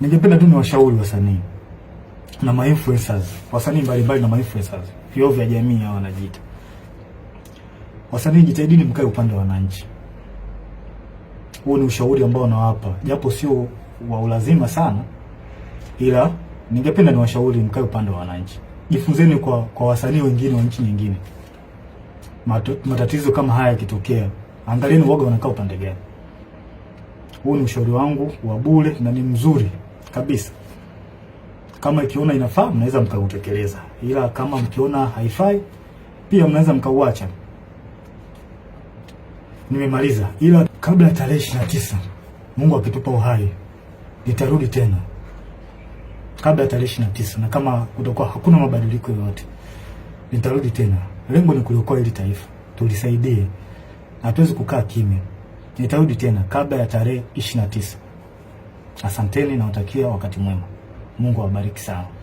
Ningependa tu niwashauri wasanii na ma-influencers, wasanii mbalimbali na ma-influencers, vioo vya jamii hao wanajiita. Wasanii, jitahidini mkae upande wa wananchi. Huo ni ushauri ambao nawapa, japo sio wa ulazima sana, ila ningependa niwashauri mkae upande wa wananchi. Jifunzeni kwa, kwa wasanii wengine wa nchi nyingine. Matatizo kama haya yakitokea, angalieni waga wanakaa upande gani. Huu ni ushauri wangu wa bure na ni mzuri kabisa. Kama ikiona inafaa mnaweza mkautekeleza, ila kama mkiona haifai pia mnaweza mkauacha. Nimemaliza, ila kabla ya tarehe ishirini na tisa Mungu akitupa uhai nitarudi tena, kabla ya tarehe ishirini na tisa na kama kutakuwa hakuna mabadiliko yoyote nitarudi tena. Lengo ni kuliokoa hili taifa, tulisaidie, hatuwezi kukaa kimya. Nitarudi tena kabla ya tarehe ishirini na tisa. Asanteni na utakia wakati mwema. Mungu awabariki sana.